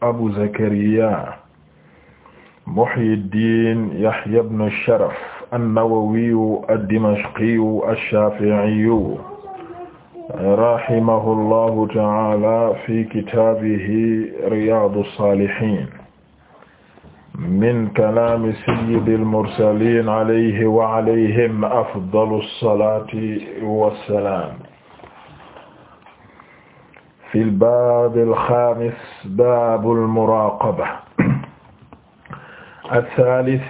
abu zakariya muhyiddin yahya ibn sharaf annawawiyu addimashqiyu ash-shafi'iyu rahimahullahu ta'ala fi kitaabihi riyaadu saalihiin min kalaami sayyidil mursaliin alayhi wa alayhim afdalu salaati wa salaam fi lbaabi alxaamis baabu almuraaqaba althaalis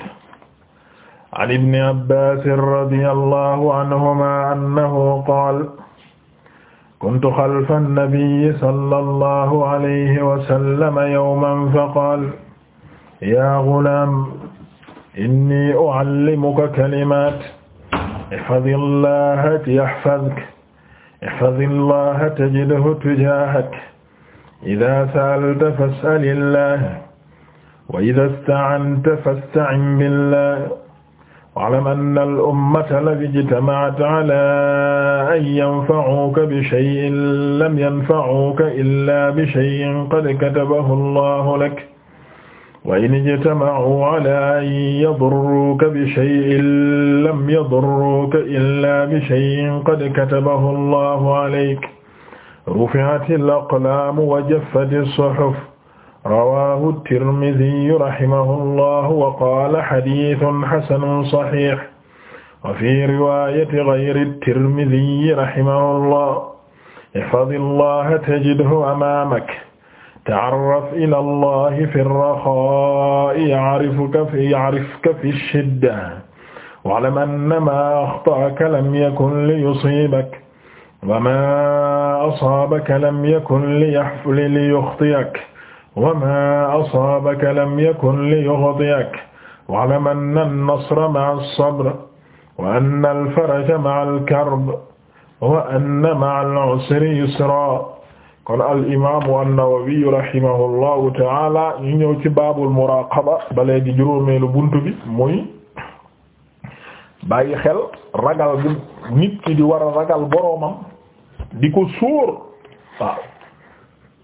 an ibni abbaasin radiya allahu anhumaa annahu qaala kuntu xalfa annabiyyi sallallahu alayhi wa sallam yawman faqaala yaa gulaam innii uallimuka kalimaat ihfadillaha yahfazka ihfadi llaha tajidhu tujahak ida saalta fas'al illah wa ida sta'anta fasta'in billah wa'lam anna al-ummata lad ijtama'at 'ala an yanfa'uka bi shay'in lam yanfa'uka illa bi shay'in qad katabahu llahu lak wa in ijtama'u ala an yadurruka bi shay'in lam yadurruka illa bi shay'in qad katabahu allahu alayk rufi'ati al-aqlamu wa jaffati as-suhuf rawahu at-Tirmidhi rahimahu allah wa qala hadithun hasanun sahih wa fi riwayati ghayri at-Tirmidhi rahimahu allah ihfadhi allaha tajidhu amamak ta'arraf ila Allah fi raxaa'i ya'rifka fi ya'rifka fi shidda wa'lam annamaa axta'aka lam yakun liyusiibak wa maa asaabaka lam yakun liyuxti'ak wa maa asaabaka lam yakun liyuxti'ak wa'lam anna an-nasra ma'a as-sabr wa anna al-faraja ma'a al-karb wa anna ma'a al-'usri yusra kon al imaamu an-Nawawi ñu ñëw ci baabul muraqaba balee di juróomeelu buntu bi muy bàyyi xel ragal bi nit ki di war a ragal boroomam di ko sóor waaw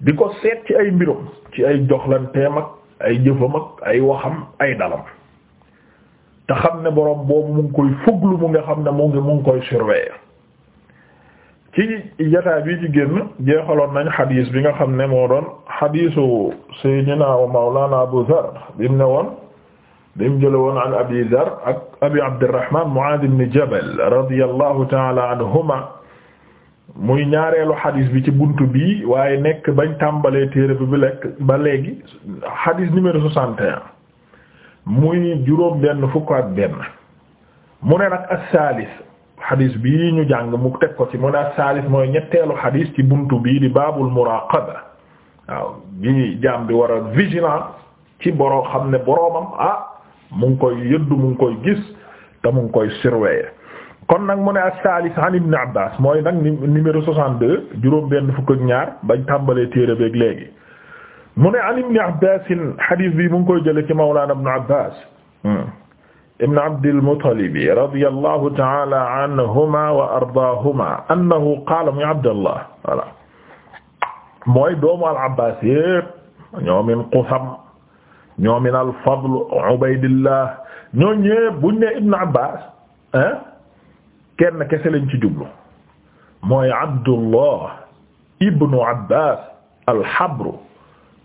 di ko seet ci ay mbirum ci ay joxlanteem ak ay jëfam ak ay waxam ay dalam te xam ne boroom boobu mu ngi koy fuglu mu nga xam ne mu ngi mu ngi koy surveiller ci jotaay bi ci génn jeexaloon nañ xadiis bi nga xam ne moo doon xadiisu sayyidina wa mawlana Abu Dharr bi mu ne woon bi mu jële woon an Abi Dharr ak Abi Abdurrahman ñaareelu xadiis bi ci bunt bi waaye nekk bañ tàmbalee téere bi bi lekk ba léegi xadiis numéro soixante muy juróom benn fukk ak benn mu ne nag as-salis xadis bii ñu jàng mu teg ko ci mu ne saalis mooy ñetteelu xadis ci buntu bii di baabul muraqaba waaw bi jaam bi war a vigilant ci boroo xam ne boroomam ah mu ngi koy yëddu mu ngi koy gis te mu ngi koy surveiller kon nag mu ne as-salis an ibn abbas mooy nag numéro 62 juróom benn fukk ak ñaar bañ tàmbalee téere beeg léegi mu ne an ibn abbas xadis bi mu ngi koy jële ci mawlana ibn abbas hmm. ibn Abdil Muttalib radiyallahu ta'ala anhuma wa ardaahuma annahu qaala muy Abdallah voilà mooy doomu al-Abbaas yépp ñoomin Qusam ñoomin al-Fadl Ubaydillah ñoo ñëpp buñ ne ibn Abbaas ah kenn kese lañ ci jublu mooy Abdullah ibnu Abbaas al-Habru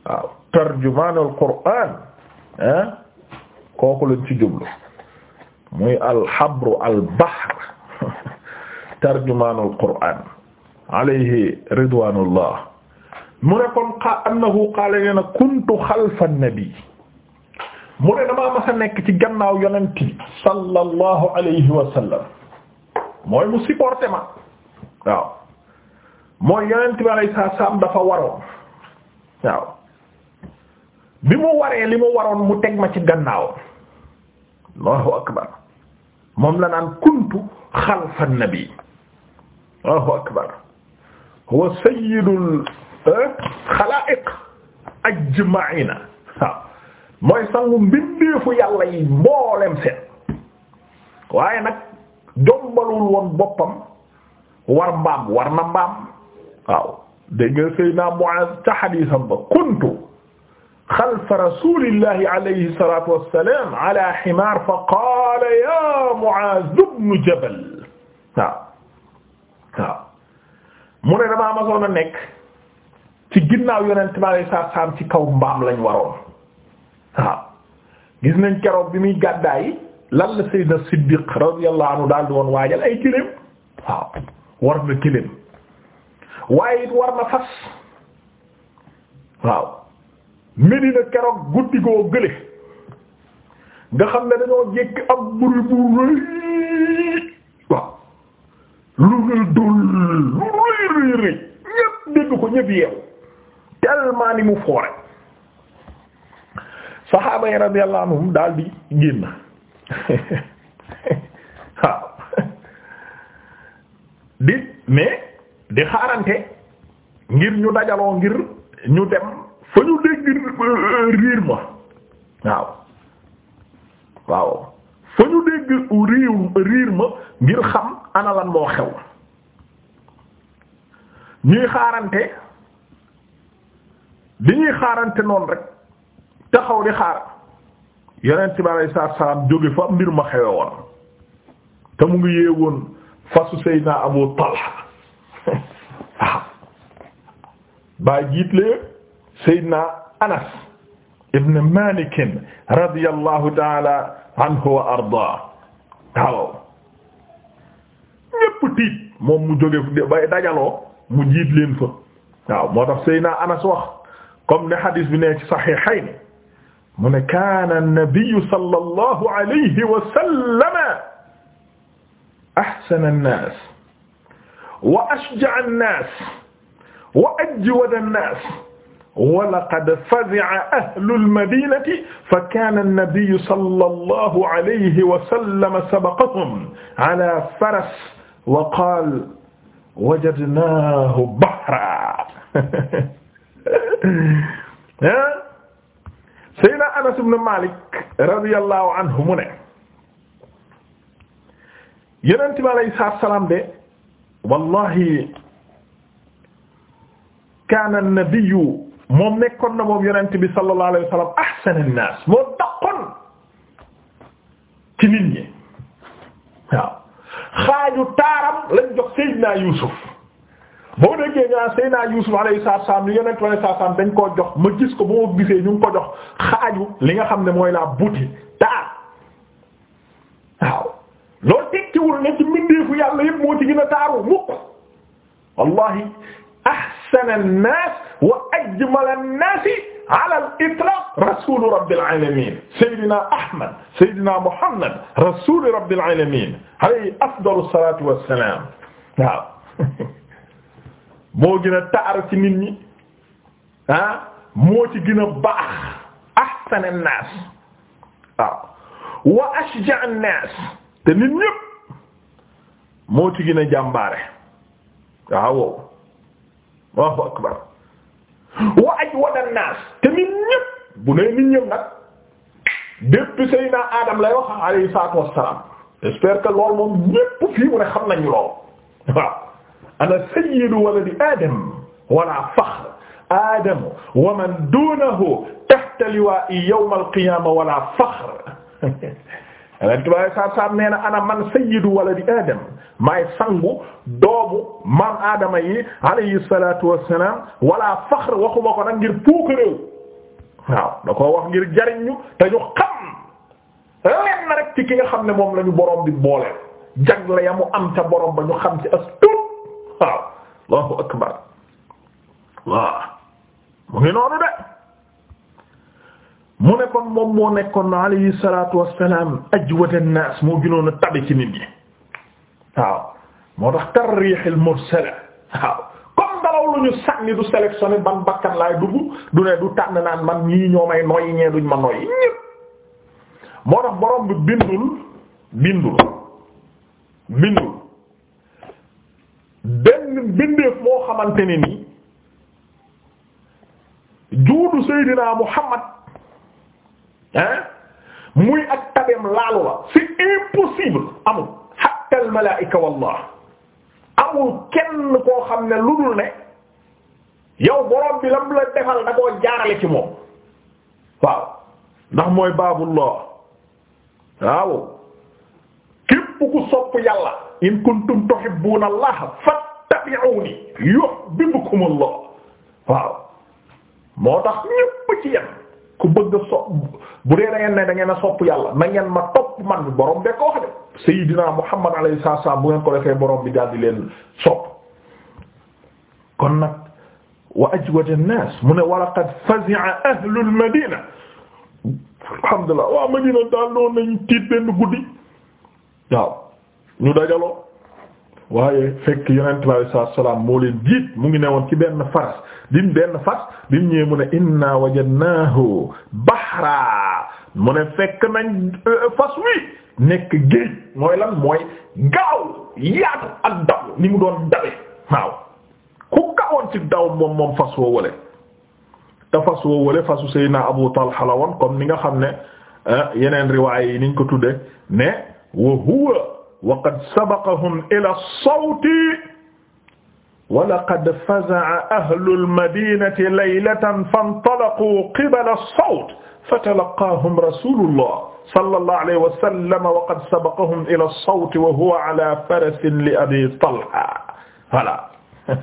waaw tarjumaanul Qur'aan ah kooku lañ ci jublu muy alxabru albahr tarjumaanul qur'aan alayhi ridwaanullah mu ne kon xa annahu qaala nee na nabi mu ne damaa mas a nekk ci gannaaw yonent bi sallallahu alayhi wa sallam mooy mu supporté ma waaw mooy yonent bi alayhi salaam dafa waroon waaw bi mu waree li mu waroon mu teg ma ci gannaaw Allahu akbar moom la naan kuntu xalfa nabi Allahu akbar huwa sayyidul eh, xalaa'iq ajma'ina waaw mooy sangu mbindeefu yàlla yi mboolem seen waaye nag jombalul woon boppam war mbaam war na mbaam waaw dégg nga Seydina Mu'aaz ca hadiisam ba kuntu xalfa rasulillahi alayhi salaatu wa salaam ala himaar fa qaala yaa Mu'aaz ibnu Jabal waaw waaw mu ne damaa masoon a nekk ci ginnaaw Yonent bi alayhi salaatu wa salaam ci kaw mbaam lañ waroon waaw gis nañ keroog bi muy gàddaay lan la Seydina Siddiq radiyallahu anhu daal di woon waajal ay kilim waaw war na kilim waaye it war na fas waaw. Medina keroog guddi goo gële nga xam ne dañoo jékki am buri bu rëy lu rëy dul lu rëy rëy ñépp dégg ko ñépp yeewu tellement ni mu foore saxaaba yi radiyallahu anhum daal di waaw di mais di xaarante ngir ñu dajaloo ngir ñu dem fa ñu dégg riir ma waaw waaw fa ñu dégg riir ma ngir xam ana moo xew ñuy xaarante li ñuy xaarante noonu rek taxaw di xaar yonent bi alayhi salaatu salaam jóge fa mbir ma xewe woon te mu ngi yeewoon fasu Seydina Abu Talha waaw baa jiitlee Seydina Anas ibn Malik radiyallahu ta'ala anhu wa ardaa waaw ñépp tiit moom mu jóge bay dajaloo mu jiit leen fa waaw moo tax Seydina Anas wax comme ne hadis bi ne ci Sahihayn mu ne kaana an-nabiyyu sallallahu alayhi wa sallama ahsana an-naas wa ashja'a an-naas wa ajwada an-naas walaqad fazi'a ahlul madinati fa kaana nabiyyu sallallahu alayhi wa sallam sabaqahum ala faras wa qaala wajadnaahu bahra Sayyidina Anas ibn Malik radiyallahu anhu mu ne Yonent bi alayhi salaam de wallahi kaana nabiyyu moom nekkoon na moom yonent bi sallallahu alayhi wa sallam ahsanan naas moo daqoon ci nit ñi xaaju taaram lañ jox Seydina Yuusuf boo déggee ñu naan Seydina Yuusuf alayhi salaam li yonent bi alayhi salaam dañ koo jox ma gis ko ba ma gisee ñu ngi ko jox xaaju li nga xam ne mooy la buti taar waaw loolu tekkiwul ne ci mbindeefu yàlla yëpp moo ci gën a taaru mukk wallahi ahsana an-nas wa ajmala an-nas ala al-itlaq rasulu rabbil alamin sayyidina ahmad sayyidina muhammad rasulu rabbil alamin alayhi afdalu salatu wassalam waaw moo gën a taar ci nit ñi ah moo ci gën a baax ahsana an-nas waaw wa ashja an-nas te nit ñépp moo ci gën a jàmbaare waaw Allahu akbar wa ajwada an-nas te nit ñépp bu nee nit ñépp nag depuis Seydina Adam lay wax alayhi salaatu wassalaam j'espère que loolu moom ñépp fii mu ne xam nañu lool waaw ana sayyidu waladi Adam wala faxr Adam wa man duunahu tahta liwaa'i yawm al-qiyaama wala faxr yonent bi alei saatu salaam nee na ana man sayyidu waladi adam maay sangu doomu maam aadama yi alayhi salatu wassalam wala faxr waxuma ko nag ngir puuk waaw da koo wax ngir jariñ ñu te ñu xam lenn rek ci ki nga xam ne moom lañu ñu borom bi booleel jagle ya mu am ca borom ba ñu xam ci as waaw allahu akbar waaw mu ngi noonu de mu ne kon moom moo nekkoon alayhi salaatu wassalaam ajwada naas moo gënoon a tabe ci nit ñi waaw moo tax tarriihil mursala waaw comme dalaw lu ñu sànni du sélectionné ban bakkan laay dugg du ne du tànn naan man ñii ñoo may noyyi ñee duñ ma noyyi ñépp moo tax borom bi bindul bindul bindul benn bindeef moo xamante ne ni juudu Seydina Muhammad ah muy ak tabeem laalu la c'est impossible amul hatta al malaa'ika wallah amul kenn koo xam ne lu dul ne yow borom bi lam la defal da koo jaarale ci moom waaw ndax mooy baabullah waaw képp ku sopp yàlla in kuntum tuhibbuna allah fattabi'uni yuhibbukum allah waaw moo tax ñépp ci yam ku bëgg a sopp bu dee da ngeen ne da ngeen a sopp yàlla na ngeen ma topp man bi borom de ko wax de Seydina Muhammad alayhi salaam bu ngeen ko defee borom bi daal di leen sopp kon nag wa ajwad an-nas mu ne wa laqad fazi'a ahlu al-madina alhamdulillah waa madina daal noonu nañu tiit benn guddi waaw ñu dajaloo waaye fekk yonent bi alayhi salaatu wa salaam moo leen jiit mu ngi woon ci benn faras dim benn fas dim ñëwee mu ne inna wajadnaahu bahra mu ne fekk nañ euh, fas wi nekk géej mooy lan mooy gaaw yaatu ak daw ni mu doon dawe waaw ku gaawoon ci daw moom moom fas woo wale te fas woo wale fasu Seydina Abu Talha la woon comme ni nga xam ne euh, yeneen riwaay yi niñ ko tudde ne wa wa qad sabaqahum ila sawti wa laqad faza'a ahlu al-madinati laylatan fantalaqu qibala as-sawt fatalaqaahum rasulullah sallallahu alayhi wa sallam wa qad sabaqahum ila as-sawt wa huwa ala farasin li abi talha voilà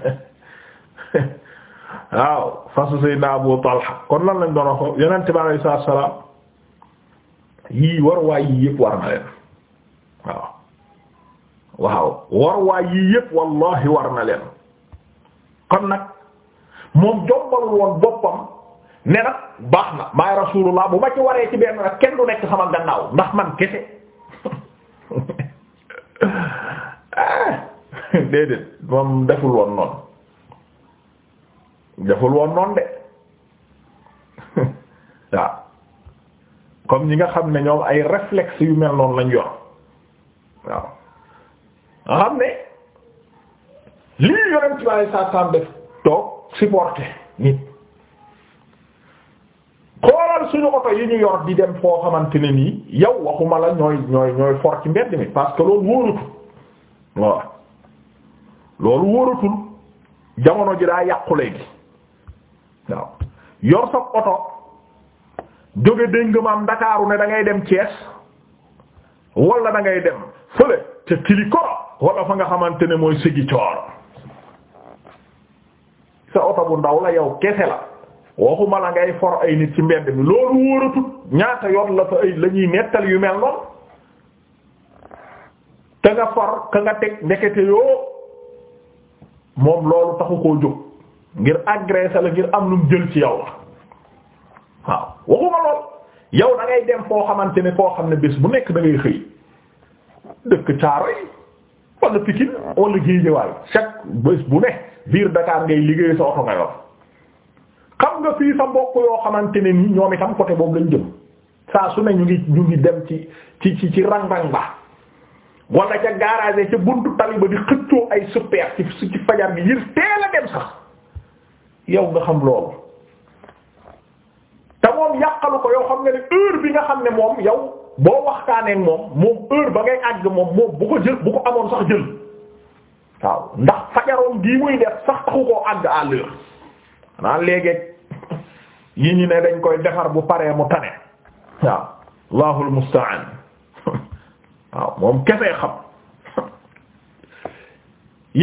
waaw fasu sayyidina abu talha kon lan lañ doon wax yonent bi alayhi salaam yii war waay yii yëpp war na leen waaw waaw war waay yii yépp wallahi war na leen kon nag moom jombalul woon boppam ne nag baax na maay rasulullah bu ma ci waree ci benn nag kenn du nekk sama gannaaw ndax man kese ah. déedéet moom deful woon noonu deful woon noonu de waaw comme ñi nga xam ne ñoom ay réflexe yu mel noonu lañ yor waaw nga xam ne lii yonent bi alei saatu def toog supporter nit xoolal suñu oto yi ñu yor di dem foo xamante ne nii yow waxuma la ñooy ñooy ñooy for ci mbedd mi parce que loolu wóoratul waaw loolu wóoratul jamono ji daa yàqu léegi waaw yor sa oto jóge dégg maam Ndakaaru ne da dem Thiès wala da ngay dem fële ca Kilikoro wala fa nga xamante ne mooy sigi coor sa oto bu ndaw la yow kese la waxuma la ngay for ay nit ci mbedd mi loolu wóoratut ñaata yoon la fa ay la nettal yu mel noonu ka nga for ka nga teg ndekete yoo moom loolu taxu koo jóg ngir agresser la ngir am lu mu jël ci yow la waaw waxuma lool yow da dem foo xamante ne foo xam ne bés bu nekk da xëy dëkk caaro yi wala Pikine wala Guédiawaye chaque bés bu ne biir dakaar ngay liggéey sa oto nga yor xam nga fii sa mbokk yoo xamante ne ni ñoom itam côté boobu lañ jëm saa su ne ñu ngi ñu ngi dem ci ci ci ci rang-rang ba wala ca garage ca buntu tali ba di xëccoo ay super ci ci fajar bi ngir teel a dem sax yow nga xam loolu te moom yàqalu ko yow xam nga ne heure bi nga xam ne moom yow boo waxtaanee moom moom heure ba ngay àgg moom moom bu ko jël bu ko amoon sax jël waaw ndax fajaroon gii muy def sax taxu koo àgg à l'heure xanaa léegi yi ñu ne dañ koy defar bu pare mu tane waaw allahul musta'an waaw moom kefee xam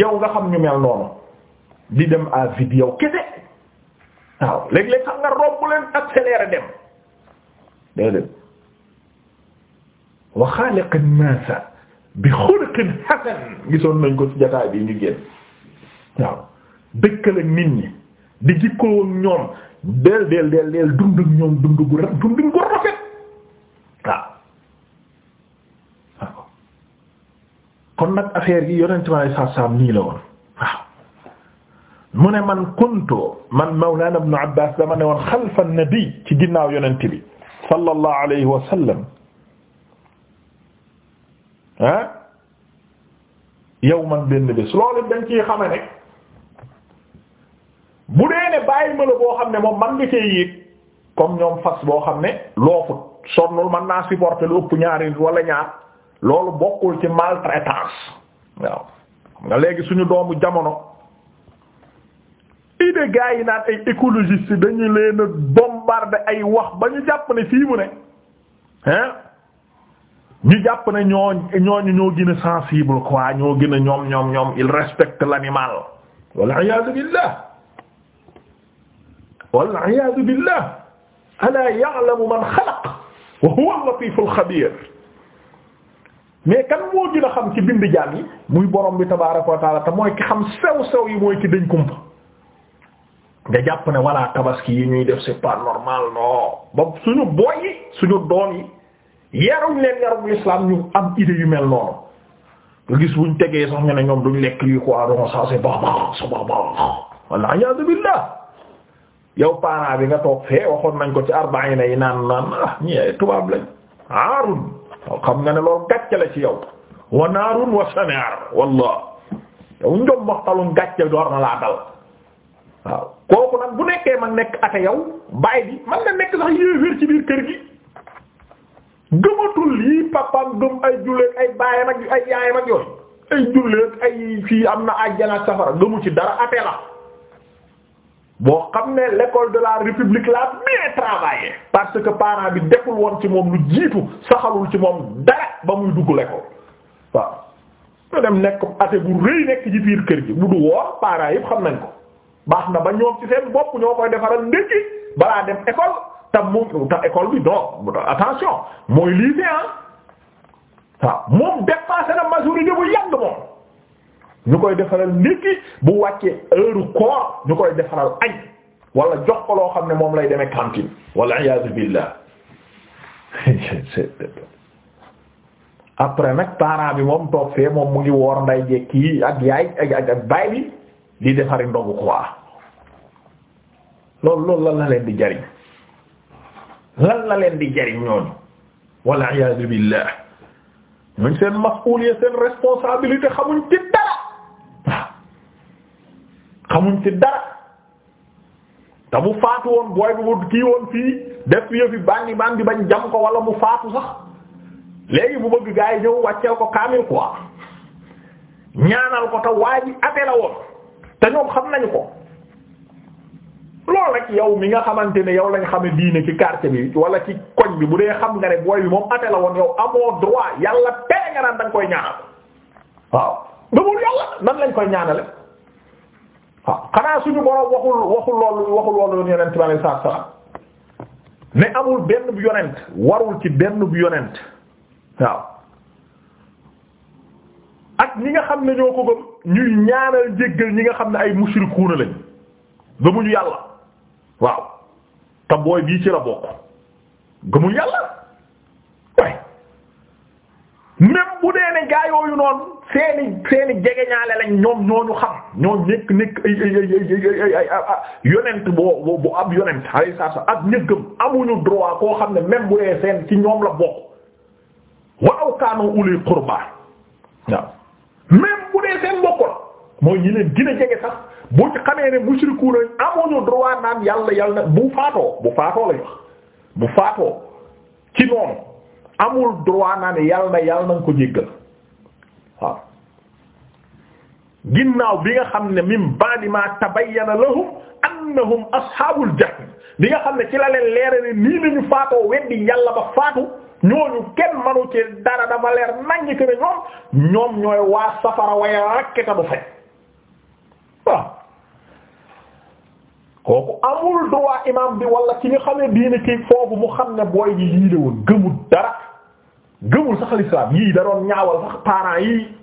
yow nga xam ñu mel noonu di dem à vide yow kese waaw léeg-léeg nga romb leen accélérer dem day dem wa xaaliqi naasa bi xuluqin hasan gisoon nañ ko ci jotaay bi ñu génn waaw dëkkal ak nit ñi di jikkoo ak ñoom del del del del dund ak ñoom dund gu rafet dund gu rafet waaw waaw kon nag affaire yi yonent ma ay saab-saab nii man kuntu man mawlana ibn Abbas dama ne woon xalfa nabi ci ginnaaw yonent bi sallallahu alayhi wa sallam ah yow man benn bés loolu dañ ci xame bu dee ne bàyyi ma la boo xam ne moom man nga cee yéeg comme ñoom fas boo xam ne loofut sonnul man naa supporter lu ëpp ñaari wala ñaar loolu bokkul ci maltraitance waaw nga léegi suñu doomu jamono idée gaa yi naan ay écologistes dañu leen bombarder ay wax ba ñu jàpp ne fii mu ne hein ñu jàpp na ñoo ñooñu ñoo gën sensible quoi ñoo gën a ñoom ñoom ñoom il respecte l'animal walla iyaadu billah walla iyaadu billah alaa ya'lamu man xalaq wa huwa al-latifu al kan moo gën a xam ci bind jaam yi muy borom bi tabaaraka wa taala te mooy ki xam sew sew yi mooy ki dañ kumpa nga jàpp ne walla tabaski yi ñuy def c'est pas normal non ba suñu boy suñu doom yarum leen yarum l'islam ñu am idée yu mel noonu nga gis buñ tegee sax ñu ne ñoom duñ lekk lii quoi non ça c'est barbare c'est barbare walla iyaadu billah yow parent bi nga toog fee waxoon nañ ko ci arbaina yi naan naan ah ñi tubaab lañ aarun xam nga ne loolu gàcce la ci yow wa naarun wa sanaar wallah yow njom maxtalum gàcce door na laa dal waaw kooku nag bu nekkee man nekk ate yow baay bi man na nekk sax yéeféer ci biir kër gi gëmatul lii papaam gëm ay julleeg ay baayam ak ay yaayam ak yooyu ay julleeg ay fii am na àjjana ak safara gëmu ci dara ate la boo xam ne l'école de la république l'a bien travaillé parce que parent bi deful woon ci moom lu jiitu saxalul ci moom dara ba muy dugg l'école waaw ñu dem nekk ate bu rëy nekk ci biir kër gi bu du woor parent yëpp xam nañ ko baax na ba ñoom ci seen bopp ñoo koy defaral ndékki balaa dem école te moom te école bi non attention mooy lycée ah waaw moom dépassé na majorité bu yàgg moom ñu koy defaral ndékki bu wàccee heure koor ñu koy defaral añ wala jox ko loo xam ne moom lay demee cantine wala iyaazu billah après nag parent bi moom toog fee moom mu ngi woor nday jekk yi ak yaay ak ak baay bi di defari ndogu quoi loolu loolu la la leen di jariñ lan la leen di jariñ ñooñu walla iyaadu billah ñooñ seen mas'uliya seen responsabilité xamuñ ci dara waaw xamuñ ci dara te mu faatu woon booy bu kii woon fii def yëfi bandi bandi bañ jam ko wala mu faatu sax léegi bu bëgg gaa yi ñëw wàcceel ko kaamil quoi ñaanal ko te waa ji ate la woon te ñoom xam nañu ko loolu rek yow mi nga xamante ne yow lañu xame diine ci quartier bi wala ci koñ bi bu dee xam nga ne booy bi moom ate la woon yaw amoo droit yàlla tere nga naan da koy ñaanal waaw gëmul yàlla nan lañ koy ñaanale waaw xanaa suñu boroom waxul waxul loolu waxul loolu yoon yonent bi alayhi salaam ne amul benn bu yonent warul ci benn bu yonent waaw ak ñi nga xam ne ñoo ko gëm ñuy ñaanal jéggal ñi nga xam ne ay mushrikuuna lañ gëmuñu yàlla waaw te booy bii ci la bokk gëmul yàlla waaye même bu dee ne gaa yooyu noonu seeni seeni jegeñaale lañ ñoom ñoo ñu xam ñoo nekk nekk ay ay ay yonent boo bu ab yonent ay saa saa ab ñëggam amuñu droit koo xam ne même bu dee seen ci ñoom la bokk waaw kaanu uli qurba waaw même bu dee seen bokk la mooy ñi leen gën a jege sax bu xamee ne mushriku lañ yàlla yàlla bu faatoo bu faatoo lañ bu faatoo ci amul droit yàlla na yàlla na nga ko jéggal waaw ginnaaw bi nga xam ne min ba'di ma tabayyana lahum annahum ashaabul jahim bi nga xam ne ci la leen leera ne nii lañu faatoo weddi yàlla ba faatu ñooñu kenn manu ci dara dafa leer naññ que ne ñoom ñooy waa safara waaye rakketa du fay waaw kooku amul droit imam bi wala ci ñu xamee diine kii foofu mu xam ne booy ji yii la woon gëmul dara gëmul sax l'islam yii da ñaawal sax parents yi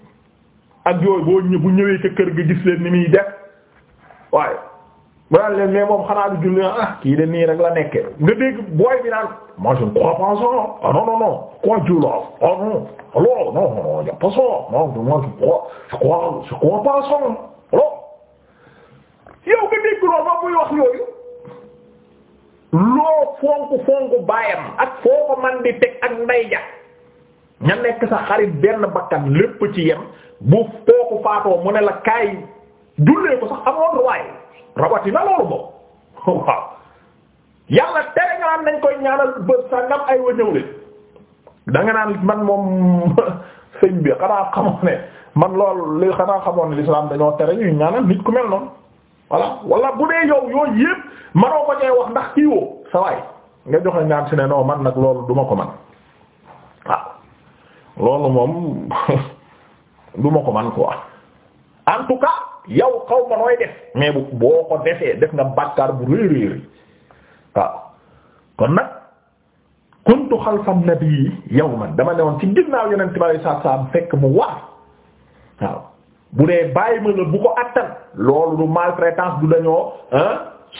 ak yooyu boo bu ñëwee ca kër ga gis leen ni muy def waaye mu naan leen moom xanaa du julli ah kii de nii rek la nekkee nga dégg booy bi naan moi je ne crois pas ça ah, non non non quoi Dieu là ah non alors non non non il y a pas ça non moi je crois yow nga dégg loo ma muy wax yooyu loo fonk fonk baayam ak foo ko man di teg ak nday ja ña nekk sa xarit benn bakkan lépp ci yem bu fooku faatoo mu ne la kaay jullee ko sax amoon ruwaay rawatina loolu moom waaw yàlla tere nga naan nañ koy ñaanal bët sàngam ay wa leen da naan man moom sëñ bi xanaa xamoon ne man loolu li xanaa xamoon ne l'islam dañoo tere ñuy ñaanal nit ku mel noonu voilà wala bu dee yow yooyu yëpp ma ko man nag loolu duma ko man waaw loolu moom duma ko man quoi en tout yow xaw ma nooy def mais bu boo ko defee def nga bàkkaar bu rëy rëy waaw kon nag kuntu xalfa nabi yawman dama ne woon ci ginnaaw yonent bi sallallahu alayhi wasallam fekk mu waar waaw bu dee bàyyi ma la bu ko attan loolu du maltraitance du dañoo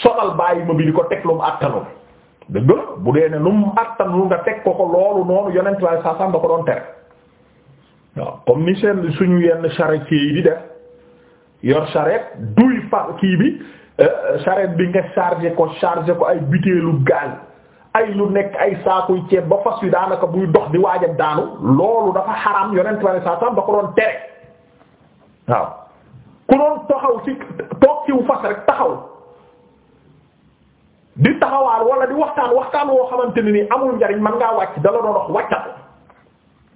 sonal bàyyi ma bi di ko teg lu mu attanul dëgg bu dee ne lu mu attanul nga teg ko ko loolu noonu yonent waaye saa saa da ko doon suñu yenn charretier yi di def yor charrette duy fa kii bi euh, charrette bi nga chargé ko chargé ko ay butéelu gaz ay lu nekk ay saakuy ceeb ba fas wi daanaka buy dox di waaja daanu loolu dafa xaram yonent waaye saa saa da ko doon tere waaw ku doon taxaw ci toog ciw fas rek taxaw di taxawaal wala di waxtaan waxtaan woo xamante ne ni amul njariñ man ngaa wàcc dala doon wax wàccal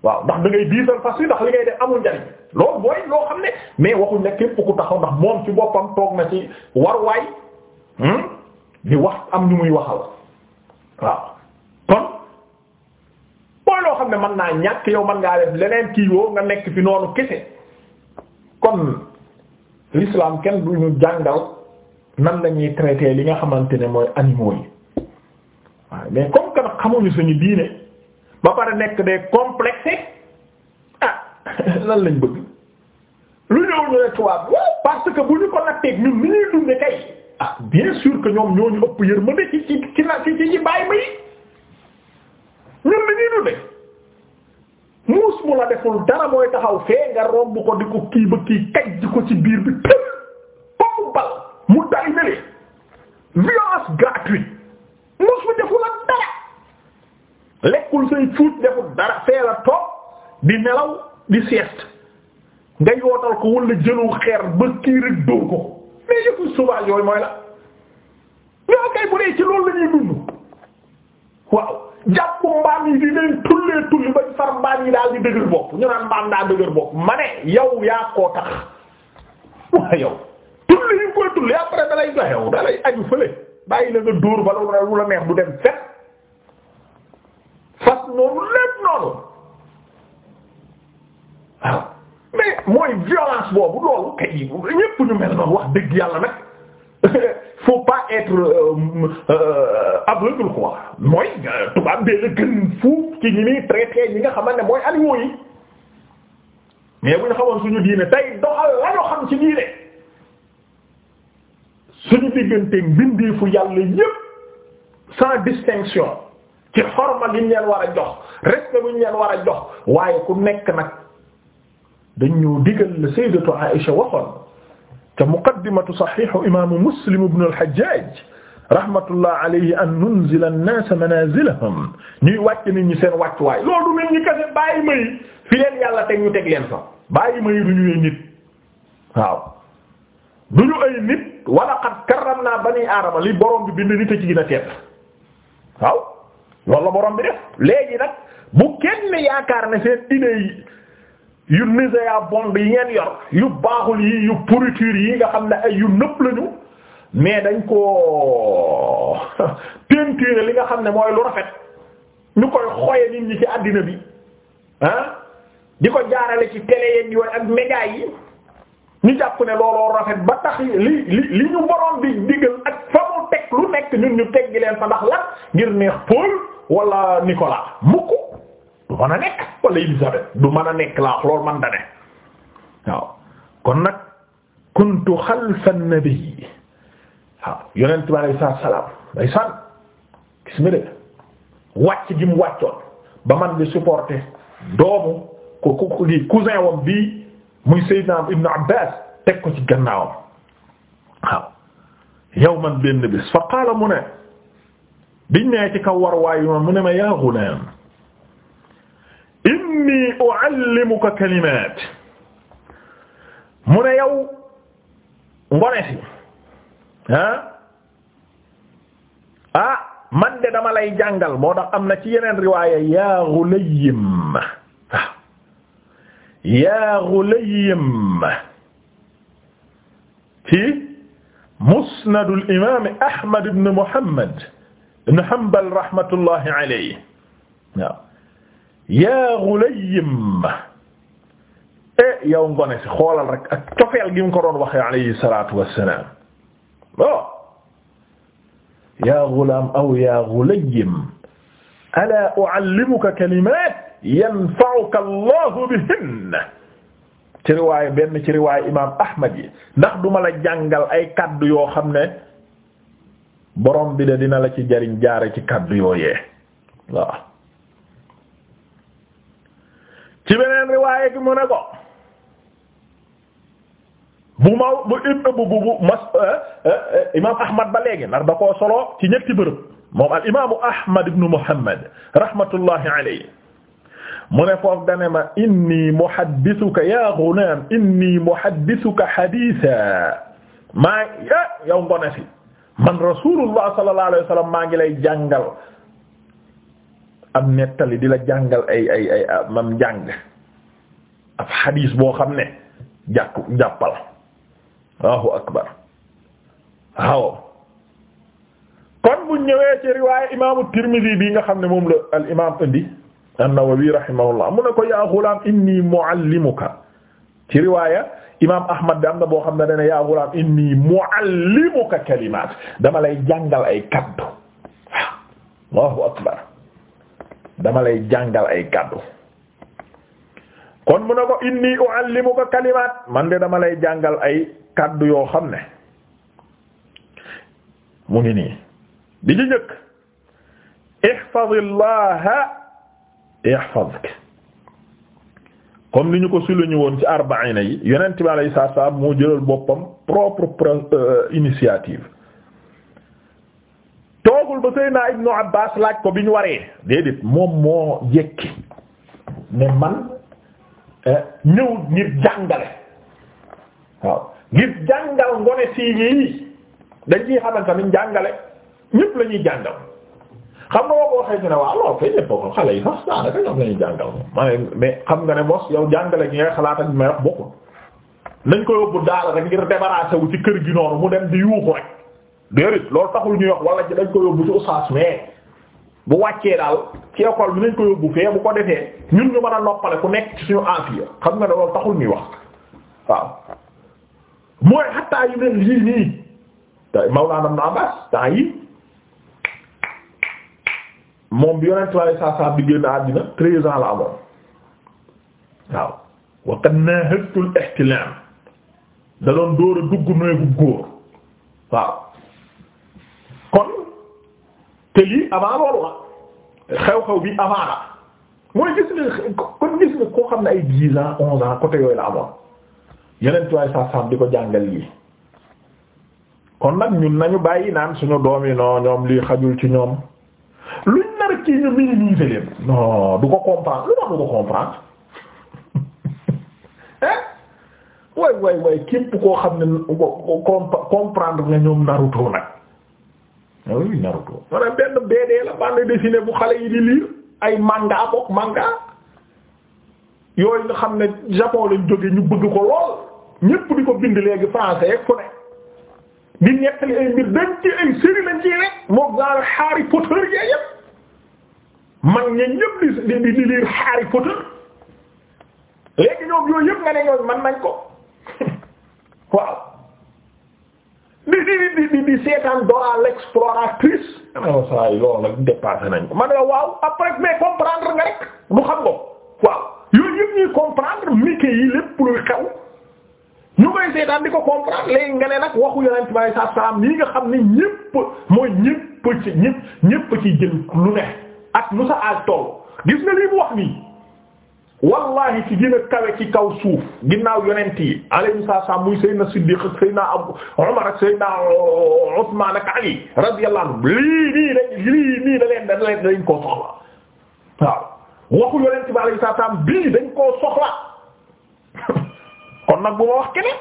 waaw ndax da ngay diisal fas yi ndax li ngay def amul njariñ loolu booy loo xam ne mais waxuñ ne képp ku taxaw ndax moom ci boppam toog na ci waruwaay hmm, di wax am ñu muy waxal waaw kon booy loo xam ne mën naa ñàkk yow mën ngaa def leneen kii woo nga nekk fi noonu kese. kon l'islam kenn du ñu jàngal nan lañuy traiter li nga xamante ne mooy animaux yi waaw mais comme que nag xamuñu suñu diine ba pare nekk de complexes ah lan lañ bëgg lu ñëw ñu ne tubaab parce que bu ñu ko natteeg ñun ni ñuy dunde kay ah bien sûr que ñoom ñoo ñu ëpp yërmande ci ci ci ci ci bàyyi ma ñun ni ñuy dunde muus mu la deful dara mooy taxaw fee nga romb ko di ko kii ba kii kaj ko ci biir bi tëb pomm bal mu day nele violence gratuite muus mu deful la dara lekkul say fuut deful dara fee la toog di nelaw di sieste nga yootal ko wala jëlu xeer ba kii rek ko mais yëfu sauvage yooyu mooy la ñoo kay bu dee ci loolu la ñuy waaw jàpp mbaam yi di leen tullee tulli ba far mbaam yi daal di dëgër bopp ñu naan mbaam daa dëgër bopp ma ne yow yaa koo tax waa yow tulli yi koy tulli après dalay joxew dalay aju fële bàyyi la nga dóor ba loolu la neex du dem fet fas noonu lépp noonu mooy violence boobu loolu kay ñépp ñu mel noonu wax dëgg yàlla nag faut pas être euh, euh, aveugle quoi mooy euh, tubaab bee la gën fuuf ci ñi muy traité ñi nga xamante ne mooy animaux yi mais bu ñu xamoon suñu diine tey doxal la xam ci diine suñu digganteeg mbindeefu yàlla yépp sans distinction ci xorma gi ñu leen war a jox respect bu ñu leen war a jox waaye ku nekk nag dañ ñoo digal la Sayyidatu Aïcha waxoon. te muqaddimatu saxiixu imaamu muslim ibn al-Hajjaj rahmatullah alayhi an nunzila an-naasa manaazilahum ñuy wàcc nit ñi seen wàccuwaay loolu du nit ñi kese bàyyi may fi leen yàlla teg ñu teg leen fa bàyyi may du ñu ay nit waaw du ñu ay nit wala qad karramnaa banii aadama li borom bi bind nit a ci gën a tedd waaw loolu la borom bi def léegi nag bu kenn yaakaar ne seen idée yi. yu misère bond yi ngeen yor yu baaxul yi yu pourriture yi nga xam ne ay yu nëpp lañu mais dañ ko peinture li nga xam ne mooy lu rafet ñu koy xoye nit ñi ci àddina bi ah di ko jaarale ci télé yeeg yooyu ak média yi ñu jàpp ne looloo rafet ba tax li li ñu borom bi digal ak fa teg lu nekk ñun ñu teggi leen fa ndax la ngir neex Paul wala Nicolas mukk du mën a nekk wala Élisabeth du mën a nekk laa lool man da waaw kon nag kuntu xalfa nabi waaw yonent bi alayhi salaatu salaam day sànn gis nga de wàcc gi mu ba man di supporter doomu ko ku di cousin wam muy Seydina Ibn Abbas teg ko ci gannaawam waaw yawman benn bis fa qaala mu ne biñ nee ci kaw war waayu mu ne ma yaa ghulaam inni uallimuka kalimaat mu ne yow ngone si ah ah man de dama lay jàngal moo tax am na ci yeneen riwaaya yaa gulayyim ah. yaa gulayyim ci musnadul imaam Ahmad ibn Muhammad ibn Hanbal rahmatullahi alayhi waaw yaa Gulaym e eh, yow ngone si xoolal rek ak cofeel gi mu ko doon waxee alayhi salaatu wassalaam bon oh. yaa Gulaam aw yaa Gulaym alaa u'allimuka kalimaat yanfa'uka Allahu bihinna ci riwaayu benn ci riwaayu imaam Ahmad yi ndax duma la jàngal ay kaddu yoo xam ne borom bi de dina la ci jariñ jaare ci kaddu yooyee waaw ci beneen riwaaye bi mu ne ko bu ma bu ibnu bu bu eh, eh, ba léegi solo ci ñetti bërëb moom al imaamu Ahmad ibnu Muhammad rahmatullahi mu ne foofu dane ma inni muhaddisuka ya ghulaam inni muhaddisuka hadiisa maa eh, yow ngone si man rasulullah sallallahu alayhi wa sallam maa ngi lay jàngal am nettali di la jàngal ay ay ay ah, mam jàng ab xadiis boo xam ne jàkk jàppal Allahu akbar waaw kon bu ñëwee ci riwaaya imaamu Tirmidhi bi nga xam ne moom la al imaam indi an-Nawawi rahimahullah mu ne ko yaa ghulaam inni muallimuka ci riwaaya imaam Ahmad bi am na boo xam ne dana yaa ghulaam inni muallimuka kalimaat dama lay jàngal ay kaddu waaw Allahu akbar dama lay jàngal ay kàddu kon mu ne ko inni uallimuka kalimaat man de dama lay jàngal ay kàddu yoo xam ne mu ngi nii bi ci njëkk ihfazillaha yahfazuk comme ni ñu ko souligné woon ci arbaina yi yonent bi alayhi salaam moo jëlal boppam propre euh, initiative toogul ba Seydina Ibnu Abbaas laaj ko bi ñu waree déedéet moom moo jekki ne man eh, ñëw ngir jàngale waaw ngir jàngal ngone sii yi dañ ciy xamante ni jàngale ñëpp la ñuy jàngal xam nga boo waxee ñu ne xale yi sax daanaka ñoom mais xam nga ne mos yow jàngale gi ngay xalaat ak may wax bokkul nañ ko yóbbu daal rek ngir débarrasser wu ci kër gi noonu mu dem di yuuxu rek déedéet loolu taxul ñuy wax wala dañ ko yóbbu ci oustaz mais bu wàccee daal ci école bi nañ ko yóbbu fee bu ko defee ñun ñu man a noppale ku nekk ci suñu afiya xam nga ne loolu taxul ñuy wax waaw mooy xattaa yu mel lii nii te Mawlana Ibn Abbas temps yi moom bi yonent lay saa saa bi génn àddina treize la amoon waaw wa qad nahadtu al ihtilam da doon door góor waaw te lii avant loolu la xew-xew bi avant la mooy gis nga kon gis nga koo xam ne ay dix ans onze ans côté yooyu la amoon yeneen tuwaay sa sam di ko jàngal lii kon nag ñun nañu bàyyi naan suñu doom yi non ñoom lii xajul ci ñoom luñ nar kii ñu minimiser leen non du ko comprendre lu tax du ko comprendre hein eh? way way way képp koo xam ne comprendre nga ñoom Naruto nag Ah oui Naruto maanaam benn BD la bande dessinée bu xale yi di lire ay manga bokk manga yooyu nga xam ne japon lañ jóge ñu bëgg ko lool ñépp di ko bind léegi français yeeg ku di lañ ci moo gaal Harry Potter yee yépp mag ña di di lire Harry Potter léegi ñoom yooyu yépp nga ne ñoom man nañ ko waaw di di di di seetaan Dora l'exploratrice. waaw saa yi loolu nag dépassé nañ ko. ma ne la waaw après mais comprendre nga rek lu xam nga waaw yooyu yëpp ñuy comprendre Mickey yi lépp luy xew ñu koy seetaan di ko comprendre léegi nga ne nag waxu Yonent bi alayhi salaam yi nga xam ni ñépp mooy ñépp ci ñépp ñépp ci jël lu ne ak nu sa aaj toll gis nga lii wax nii. wallahi ci gën a kawe ci kaw suuf ginnaaw yonent yi alayhi salaam muy Seydina Siddiq ak Seydina Abu Umar ak Seydina euh, Usmaan ak Ali radiyallahu anhu lii nii da lii nii da leen da leen dañ koo soxla waaw waxu yonent bi alayhi salaam bii dañ koo soxla kon nag bu ma wax keneen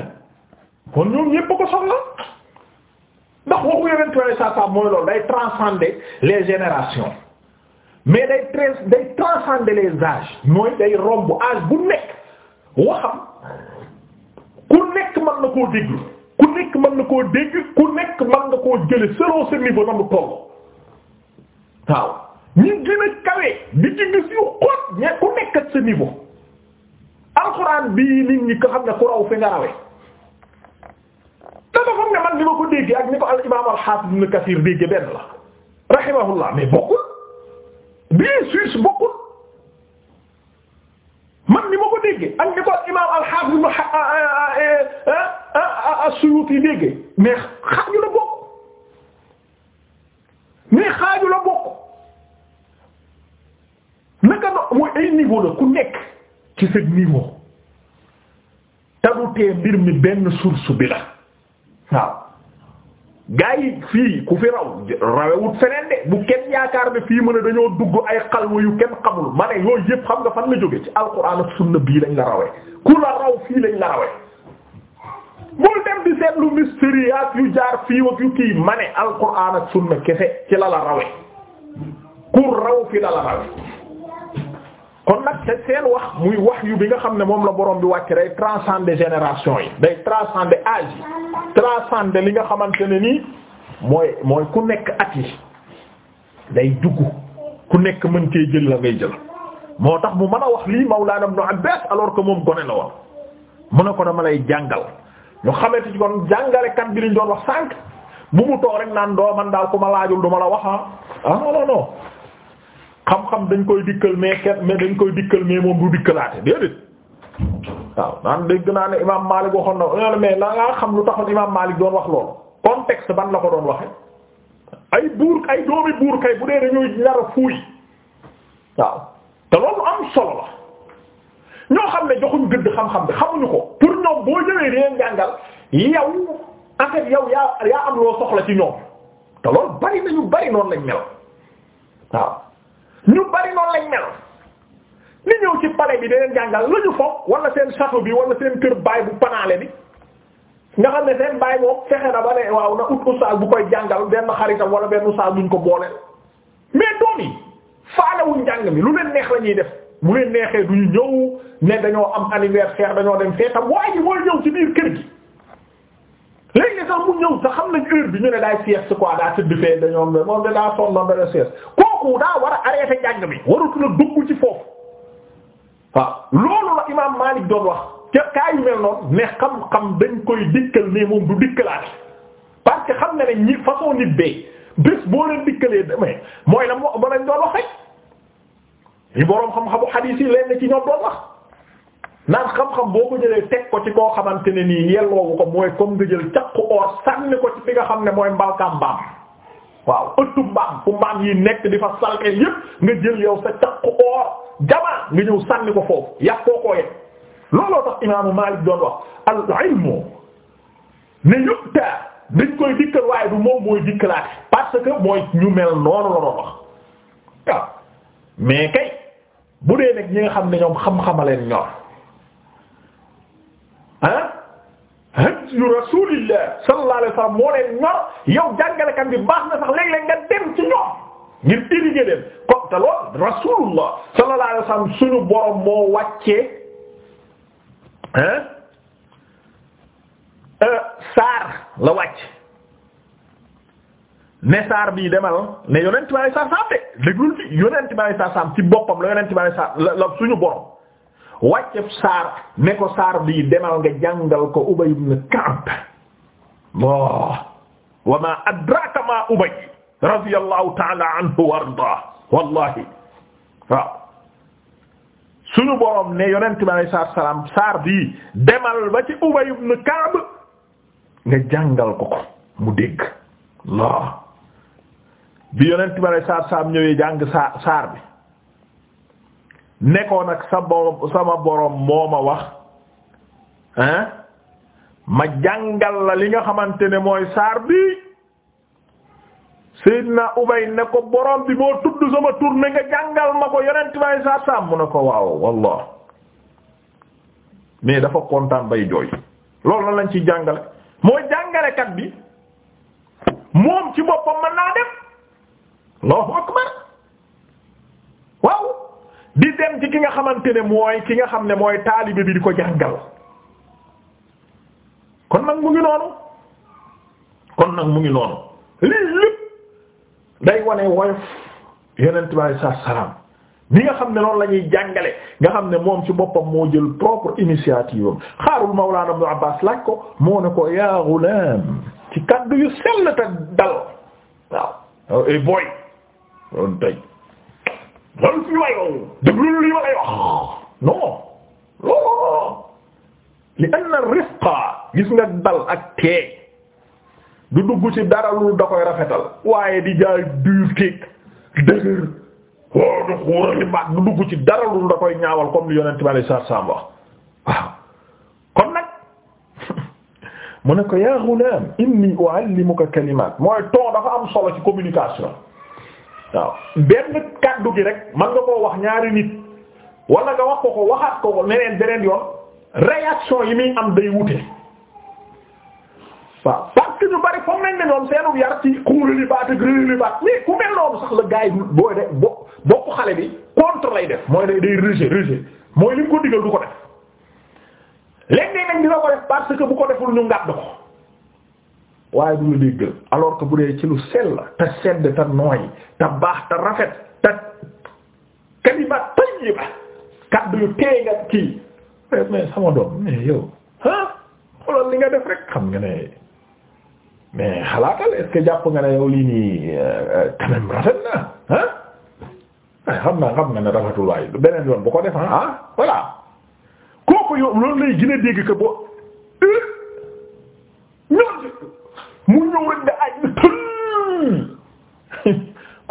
kon ñoom ñépp ko soxla ndax waxu yonent bi alayhi salaam mooy loolu day transcender les générations mais day trans mooy day romb âge bu nekk waxam ku nekk mën na koo dégg ku nekk mën na koo dégg ku nekk mën nga koo jële selon sa niveau na mu toll ñi gën a kawe di ci gis yu xóot ña ku nekk ak sa niveau alxuraan bii nit ñi ko xam ne ku raw fi nga rawee dama xam ne man ni ma ko déggee ak ni ko al imaam al xaafis ibn Kasiir déggee benn la rahimahullah mais bokkul bii Suisse bokkul man ni ma ko déggee ak ni ko imaam al-Hafiz ibn ah, ah, ah, eh, as-Suyuti déggee mais xaaju la bokk mais xaaju la bokk naka no mooy ay niveau la ku nekk ci sa niveau. tabutee mbir mi benn source bi la gaa yi fii ku fi raw rawewut feneen de bu kenn yaakaar ne fii mu ne dañoo dugg ay xalwa yu kenn xamul ma ne yooyu yëpp xam nga fan la jóge ci alquran ak sunna bii lañ la rawee ku la raw fii lañ la rawee bul dem di seetlu mystère yu jaar fii ak yu kii ma ne alquran ak sunna kese ci la la rawee ku raw fi la la rawee kon nag te seen wax muy wax yu bi nga xam ne moom la borom bi wàcc day transcender génération yi day transcender âge yi transcender li nga xamante ne nii mooy mooy ku nekk at yi day dugg ku nekk mën cee jël la ngay jël moo tax mu mën a wax lii Mawlana Ibn Abbas alors que moom gone la woon mu ne ko dama lay jàngal ñu xamante ci kon jàngalekat bi liñ doon wax sànq bu mu toog rek naan doo man daal ku ma laajul du la wax a ah. ah non non non xam-xam dañ koy dikkal mais kenn mais dañ koy dikkal mais moom du dikkalaate déedéet waaw naan dégg naa ne imaam Maalik waxoon na mais la xam lu taxoon imaam Maalik doon wax loolu contexte ban la ko doon waxe ay buur ay doomi buur kay bu dee dañuy nar a fuuy waaw te loolu am solo la ñoo xam ne joxuñ gëdd xam-xam bi xamuñu ko pour ñoom boo jëlee dinañ jàngal yow en fait yaa am loo soxla ci ñoom te loolu bari nañu ñu bari noonu lañ mel li ñëw ci palais bi daneen jàngal lañu ñu foog wala seen château bi wala seen kër baay bu panaale bi nga xam ne seen baay moom fexe na ba ne waaw na ut ustaas bu koy jàngal benn xaritam wala benn ustaas buñ ko booleel mais doom yi faalewuñ jàng mi lu leen neex la def bu leen neexee duñu ñëw ne dañoo am anniversaire dañoo dem feetam waaye ji mooy ñëw ci biir kër gi léegi sax mu ñëw sax xam nañ heure bi ñu ne daay sieste quoi daa tëdd dañoo moom da kooku daa war a arrêté njàng mi waratu la dugg ci foofu waaw loolu la imaam Maalik doon wax ca kaa yu mel noonu ne xam-xam dañ koy dikkal mais moom du dikkalaat parce que xam ne ñi façon nit bee bés boo leen dikkalee demee mooy la moo ba lañ doon wax rek xam-xamu xadiis yi leen ci doon wax naan xam-xam boo ko jëlee teg ko ci koo xamante ni nii yelloowu ko mooy comme nga jël caq or sànni ko ci fi nga xam ne mooy mbalkaam mbaam waaw ëttu mbaam fu mbaam yi nekk di fa salke yépp nga jël yow sa caq oor jamaa nga ñëw sànni ko foofu yàq koo yet looloo tax imaamu Maalik doon wax al ilmu ne yutta dañ koy dikkal waaye du moom mooy dikkalaat parce que mooy ñu mel noonu la doon waaw mais kay bu dee nag ñi nga xam ne ñoom xam-xamaleen ñor ah hadiisu rasuulillah sallallahu alayhi moo leen ñor yow jàngalekat bi baax na sax léeg-léeg nga dem ci ñoom ngir dirigé leen ko te lool rasulullah sallallahu borom moo wàccee hein euh, saar la wàcc ne saar bii demal ne yonent bi sallallahu alayhi wasallam de déglul fi yonent bi sallallahu alayhi wasallam boppam la yonent bi sallallahu alayhi wasallam la suñu borom wàcceb saar ne ko saar bii demal nga jàngal ko Ubay ibn Ka'b bon wa ma ma Ubay radiyallahu ta'ala anhu wa borom ne yonent bi alayhi saar bii demal ba ci Ubay ibn Ka'b nga jàngal ko ko mu dégg laa bi yonent bi alayhi salaatu salaam ñëwee saar bi nekkoon ak sama boroom moo ma wax hein ma jàngal la li nga xamante ne mooy saar bi Seydina Ubay ne ko borom bi moo tudd sama tur ne nga jàngal ma ko yonent may saar saam ne ko waaw wallah mais dafa kontaan bay jooy loolu na lañ ci jàngale mooy jàngalekat bi moom ci boppam mën naa def Allahu akbar waaw di dem ci ki nga xamante ne mooy ki nga xam ne mooy taalibe bi di ko jàngal kon nag mu ngi noonu kon nag mu ngi noonu lii lépp day wane woyof yenent bi alei salatua salaam ni nga xam ne noonu lañuy jàngale nga xam ne moom ci boppam moo jël propre initiative am xaarul mawlaana ibnu Abbaas laaj ko moo ne ko yaa gulaam ci kaddu yu sell te dal waaw oh, et boy loolu tey wala suñu waayoo déglu li ma lay rifqa gis nga dal ak tee du dugg ci dara lu da koy rafetal waaye di jaay duur kéeg dëgër waaw du xuurali baat du dugg ci dara lu da koy ñaawal comme li yonent bi saa saam wax waaw kon nag mu ne ko yaa ghulaam inni u'allimuka kalimaat mooy ton dafa am solo ci communication. waaw benn kaddu gi rek man nga koo wax ñaari nit wala nga wax ko ko waxaat ko ko neneen beneen yoon réaction yi muy am day wute waaw parce que ñu bari foog nañ ne ñoom seenu yar ci xuuli li baat ak mel noonu sax la gars yi de bo bokk xale bi contre lay def mooy day day rejet rejet mooy li ko digal du ko def léeg-léeg nag dina ko def parce que bu ko deful ñu ngàdd ko waaye du la déggal alors que bu dee ci lu sell te sedd te nooy te baax te rafet te kalima tayyiba kaddu yu teey nga kii mais sama doom mais yow ah xoolal li nga def rek xam nga ne mais xalaatal est jàpp nga ne yow lii nii euh, quand rafet na ah xam naa xam nga ne rafetul waaye beneen yoon bu ko def ah voilà kooku yow loolu lay gën a dégg que bo euh, ñoom mu ñëw rek da aj tël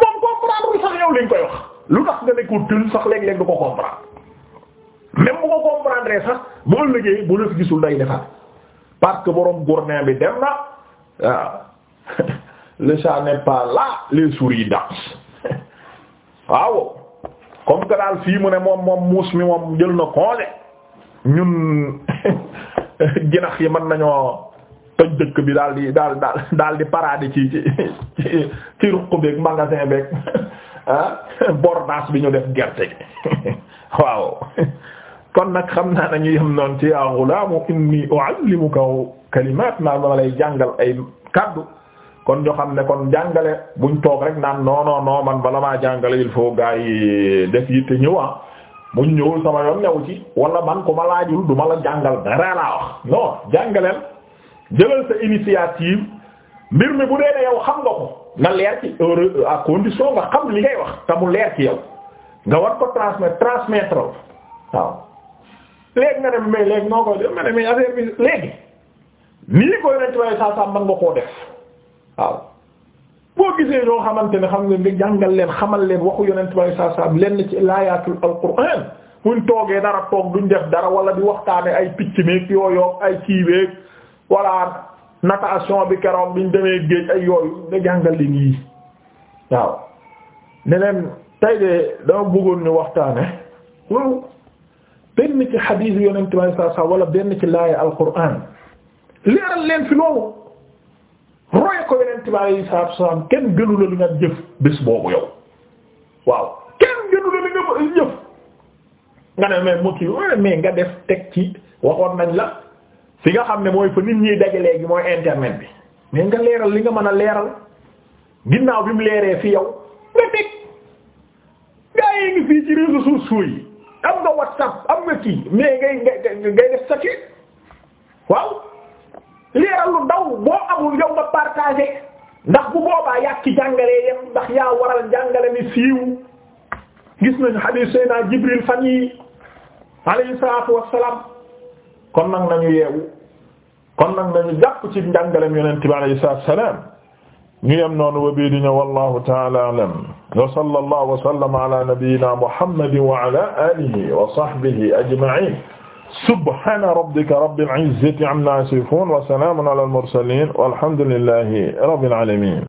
moom comprendre sax yow lañ koy wax lu tax nga ne ko tël sax léeg-léeg du ko comprendre même bu ko comprendre sax boo liggéey bu la fi gisul day defar parce que borom gourmet bi dem na le chat n'est pas là les souris dansent waaw comme que daal fii mu ne moom moom muus mi moom jël na congé ñun ginax yi mën nañoo toj dëkk bi daal di daal daal daal di parade ci ci ci ci ruq beeg magasin beeg ah bordas bi ñu def gerte gi waaw kon nag xam naa nañu yem noonu ci yaa ghulaamu inni u'allimuka kalimaat maa ma lay jàngal ay kaddu kon ñoo xam ne kon jàngale buñ toog rek naan non non non man bala maa jàngale il faut gars yi def yitte ñëwaat ah. buñ ñëwul sama yoon new ci wala man ko ma laajul du ma la jàngal dara laa wax non jàngaleel. jëlal sa initiative mbir mi bu dee ne yow xam nga ko na leer ci heure à nga xam li ngay wax te mu leer ci yow nga war ko transmettre transmettre waaw léegi nga dem mais léegi noo koy def ma ne mais affaire bi léegi nii koy nañ ci waaye saa mën nga koo def waaw boo gisee ñoo xamante ne xam nga nga jàngal leen xamal leen waxu yonent bi saa lenn ci laayatul alquran buñ toogee dara toog duñ def dara wala di waxtaanee ay picc meeg yooyu ay kii walla natation bi keroog biñ demee géej ay yooyu nga jàngal leen yii waaw ne leen tey de dama bëggoon ñu waxtaane benn ci xadiis yonent may saa saa wala benn ci laaya alquran leeral leen fi loolu roye ko yonent may saa saa kenn gënu la nga nga def teg ci waxoon nañ la fi nga xam ne mooy fa nit ñiy daje léegi mooy internet bi mais nga leeral li nga mën a leeral ginnaaw bi mu leeree fi yow nga teg gaa yi ngi fii ci réseaux sociaux yi am nga whatsapp am nga kii mais ngay ngay ngay def statut waaw leeral lu daw boo amul yow nga partagé ndax bu boobaa yàq ci jàngalee yem ndax yaa waral jàngale ni siiw gis nañu hadith Seydina Jibril fan yi alayhi salaatu wassalaam kon nag nañu yeewu kon nag nañu jàpp ci njàngalem yonent bi alayhi salaam ñu yem noonu wa bii di ñëw wallahu ta'ala a'lam wa sallallahu wa sallama ala nabiyyina muhammadin wa ala alihi wa sahbihi ajma'in subhana rabbika rabbil izzati amma yasifun wa salamun ala al mursalin walhamdulillahi rabbil alamin